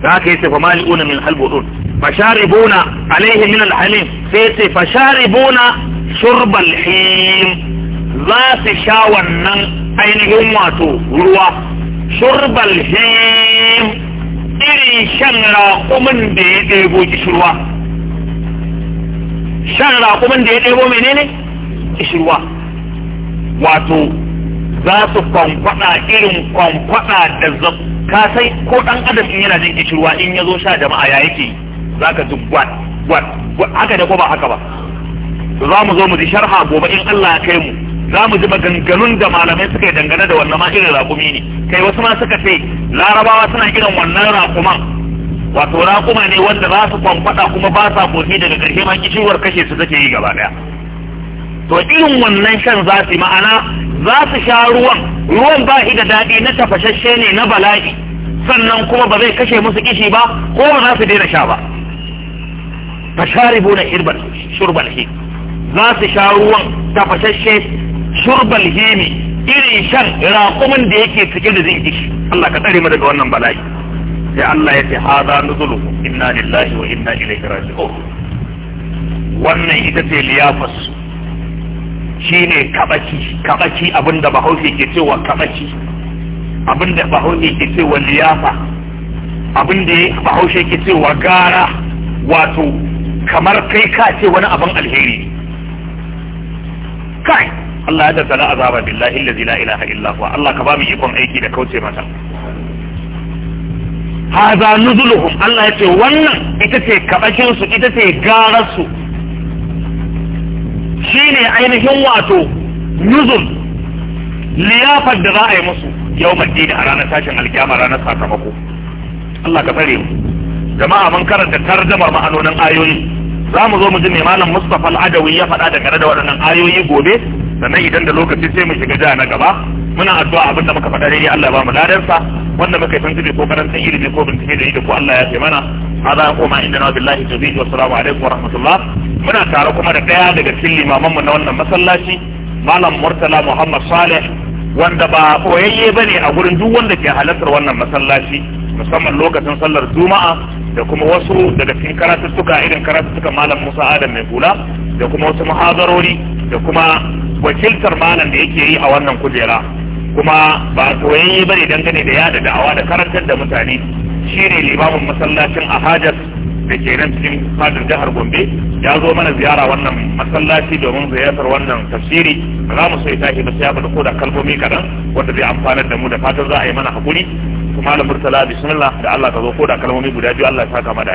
A: da aka yi sai fa mali'una min halbutun فشاربون عليه من الحليم سيتي فشاربون شرب الحين ذات شاوى النن اينهم واتو روا شرب الحين irin shan raƙumin da ya ɗebo kishirwa shan raƙumin da ya ɗebo menene kishirwa wato za su kwamfada irin kwamfada da ka sai ko ɗan adam in yana jin kishirwa in ya zo sha jama'a ya yake za ka ji gwad gwad haka da ko ba haka ba za mu zo mu ji sharha gobe in Allah ya kai mu za mu ji maganganun da malamai suka yi dangane da wannan ma irin raƙumi ne kai wasu ma suka ce larabawa suna irin wannan raƙuman wato raƙuma ne wanda za su kwamfada kuma ba sa kofi daga ƙarshe ma kishiwar kashe su take yi gaba ɗaya to irin wannan shan za su ma'ana za su sha ruwan ruwan ba da daɗi na tafashashe ne na bala'i sannan kuma ba zai kashe musu kishi ba ko ba za su daina sha ba na shurban shi za su sha ruwan tafashashe shurbal himi irin shan raƙumin da yake cike da zai kishi Allah ka tsare daga wannan bala'i sai Allah ya ce hada nuzulu inna lillahi wa inna ilaihi raji'un wannan ita ce liyafas shine kabaci kabaci abinda bahaushe ke cewa kabaci abinda bahaushe ke cewa liyafa abinda bahaushe ke cewa gara wato kamar kai ka ce wani abin alheri kai Allah ya daddana azaba billahi allazi la ilaha illa huwa Allah ka ba mu ikon aiki da kauce mata haza nuzuluhum Allah ya ce wannan ita ce kabashin su ita ce garar su shine ainihin wato nuzul liyafar da za a yi musu yau madina a ranar tashin alkiyama ranar sakamako Allah ka tsare mu jama'a mun karanta tarjamar ma'anonin ayoyi za mu zo mu ji mai malam Mustafa al-Adawi ya faɗa da dangane da waɗannan ayoyi gobe sannan idan da lokaci sai mu shiga jiha na gaba muna addu'a abin da muka faɗa dai Allah ba mu ladarsa wanda muka yi tuntube ko karanta ilimi ko bincike da yi ko Allah ya taimana hada ya koma inda na billahi tawfiq wa assalamu alaikum wa rahmatullah muna tare kuma da ɗaya daga cikin limaman mu na wannan masallaci malam murtala muhammad saleh wanda ba koyayye bane a gurin duk wanda ke halartar wannan masallaci musamman lokacin sallar juma'a da kuma wasu daga cikin karatuttuka irin karatuttuka malam musa adam mai kula da kuma wasu muhazarori da kuma wakiltar malam da yake yi a wannan kujera kuma ba soyayye ne dangane da yada da'awa da karantar da mutane ne limamin masallacin ahajar da ke nan cikin fadin jihar gombe ya zo mana ziyara wannan masallaci domin ziyartar wannan tafsiri za mu so ya tashi ba sai ko da kalmomi kaɗan
B: wanda zai amfanar da mu da fatan za a yi mana hakuri kuma da murtala bismillah da Allah ka zo ko da kalmomi guda biyu Allah ya saka mada